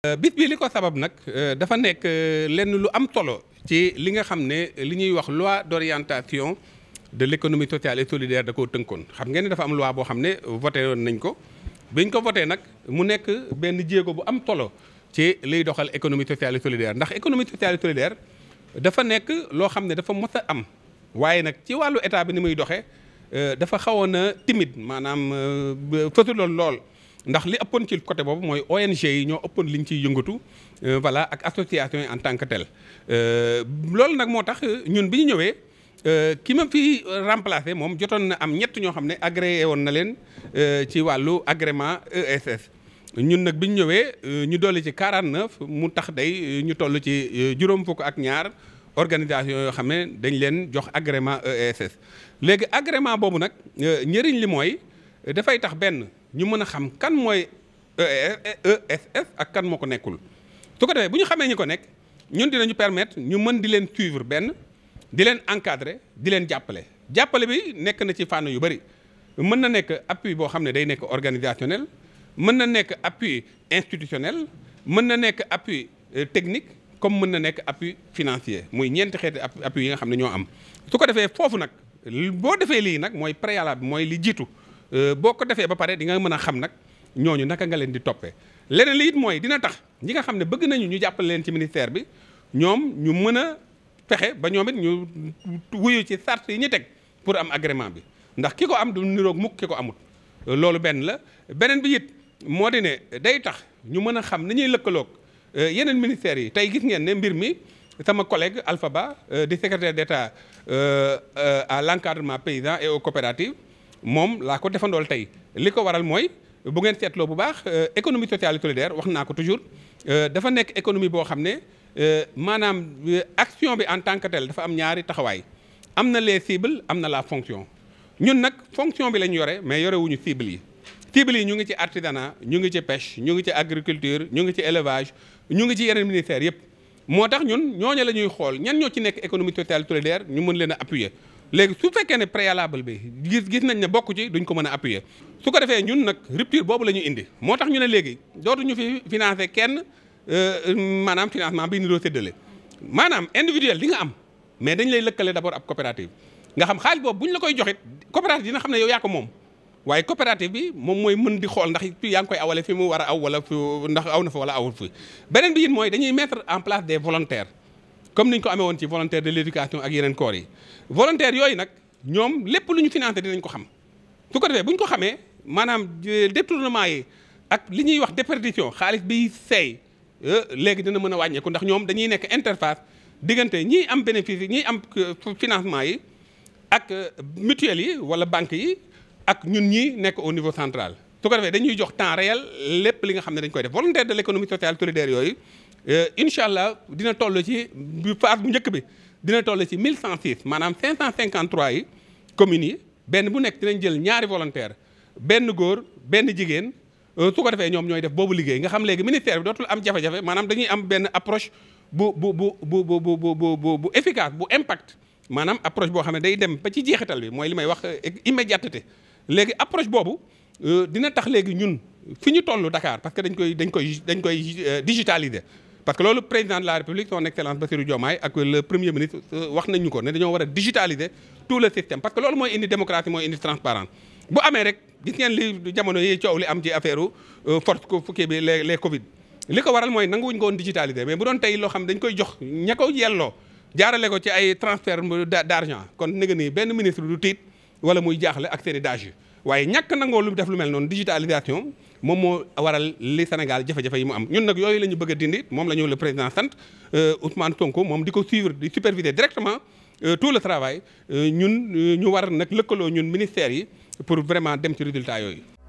Euh, bis bi li ko sabab nag euh, dafa nekk euh, lenn lu am tolo ci li nga xam ne li ñuy wax loi d'orientation de l'économie sociale et solidaire da koo tënkoon xam ngeen ne dafa am loi boo xam ne voté woon nañ ko biñ ko voté nag mu nekk benn jéego bu am solo ci liy doxal économie sociale et solidaire ndax économie sociale et solidaire dafa nekk loo xam ne dafa mos a am waaye nag ci wàllu état bi ni muy doxee dafa xawoon a timide maanaam fësuloon lool ndax li ëppoon ci côté boobu mooy ONG yi ñoo ëppoon liñ ciy yëngatu euh, voilà ak association yi en tant que tel euh, loolu nag moo tax euh, ñun bi ñu ñëwee ki ma fi remplacé moom jotoon na am ñett ñoo xam ne agréé woon na leen ci wàllu agrément ESS ñun nag bi ñu ñëwee ñu dolli ci 49 mu tax day ñu toll ci juróom fukk ak ñaar organisation yoo xam dañ leen jox agrément ESS léegi agrément boobu nag njëriñ li mooy dafay tax benn ñu mën a xam kan mooy ESS ak kan moo ko nekkul su ko defee bu ñu xamee ñi ko nekk ñun dinañu permettre ñu mën di leen suivre benn di leen encadrer di leen jàppale jàppale bi nekk na ci fànn yu bëri mën na nekk appui boo xam ne day nekk organisationnel mën na nekk appui institutionnel mën na nekk appui technique comme mën na nekk appui financier muy ñeenti xeeti appui yi nga xam ne ñoo am su ko defee foofu nag boo defee lii nag mooy préalable mooy li jiitu Euh, boo ko defee ba pare di nga mën a xam nag ñooñu naka nga leen di toppee leneen li it mooy dina tax ñi nga xam ne bëgg nañu ñu jàppale leen ci ministère bi ñoom ñu mën a fexe ba ñoom it ñu wuyu ci sart yi ñu teg pour am agrément bi ndax ki ko am du niroog mukk ki ko amut euh, loolu benn la beneen bi it moo di ne day tax ñu mën a xam ni ñuy lëkkalook euh, yeneen ministères yi tey gis ngeen ne mbir mi sama collègue Alpha Ba di secrétaire d'État à l'encadrement paysan et coopératives moom laa ko defandool tey li ko waral mooy bu ngeen seetloo bu baax euh, économie sociale et solidaire wax naa ko toujours euh, dafa nekk économie boo xam ne euh, maanaam action bi en tant que telle dafa am ñaari taxawaay am na les cibles am na la fonction ñun nag fonction bi la ñu yore mais yorewuñu cibles yi cibles yi ñu ngi ci artisanat ñu ngi ci pêche ñu ngi ci agriculture ñu ngi ci élevage ñu ngi ci yeneen ministères yëpp moo tax ñun ñooñu la ñuy xool ñan ñoo ci nekk économie sociale et solidaire ñu mën leen a léegi su fekkee ne préalable bi gis gis nañ ne bokk ci duñ ko mën a appuyer su ko defee ñun nag rupture boobu la ñu indi moo tax ñu ne léegi dootuñu fi financer kenn euh, maanaam financement bi niroo seddale maanaam individuel di nga am mais dañ lay lëkkale d'abord ab coopérative nga xam xaalis boobu buñ la koy joxit yi dina xam ne yow yaa ko moom waaye coopérative bi moom mooy mën di xool ndax yaa ngi koy awale fi mu war a aw wala ndax aw na wala awul fi beneen bi it mooy dañuy mettre en place des volontaires comme ni ñu ko amee woon ci volontaire de l'éducation ak yeneen corps yi volontaire yooyu nag ñoom lépp lu ñu financé dinañ ko xam su ko defee bu ñu ko xamee maanaam euh, détournement yi ak li ñuy wax déperdition xaalis biy seey euh, léegi dina mën a wàññeeku ndax ñoom dañuy nekk interface diggante ñiy am bénéfice yi ñiy am euh, financement yi ak mutuelle yi wala banque yi ak ñun ñi nekk au niveau central su ko defee dañuy jox temps réel lépp li nga xam ne dañ koy def volontaire de l'économie sociale solidaire yooyu Euh, incha allah dina toll ci phase bu njëkk bi dina toll ci 1106 maanaam 553 yi commune yi benn bu nekk dinañ jël ñaari volontaire benn góor benn jigéen euh, su ko defee ñoom ñooy def boobu liggéey nga xam léegi ministère bi dootul am jafe-jafe maanaam dañuy am benn approche bu bu bu bu bu bu bu bu efficace bu impact maanaam approche boo xam ne day dem ba ci jeexital bi mooy li may wax euh, immédiateté léegi approche boobu dina tax léegi ñun fi ñu toll Dakar parce que dañ koy dañ koy dañ koy digitaliser parce que loolu président de la république son excellence Bassirou Diomaye ak le premier ministre euh, wax nañ ñu ko ne dañoo war a digitaliser tout le système parce que loolu mooy indi démocratie mooy indi transparence bu amee rek gis ngeen li jamono yi coow li am ci affaire euh, force fukki bi les les Covid li ko waral mooy nanguwuñ ko woon digitaliser mais bu doon tey loo xam dañ koy jox ña yelloo jaarale ko ci ay transfert d' argent kon nga ni benn ministre wala muy jaaxle ak seen i waaye ñàkk nangoo lu def lu mel noonu digitalisation moom moo waral li Sénégal jafe-jafe yi mu am ñun nag yooyu la ñu bëgg a dindi moom la ñu le président sant euh, Ousmane Sonko moom di ko suivre di superviser directement euh, tout le travail euh, ñun ñu war nag lëkkaloo ñun ministères yi pour vraiment dem ci résultat yooyu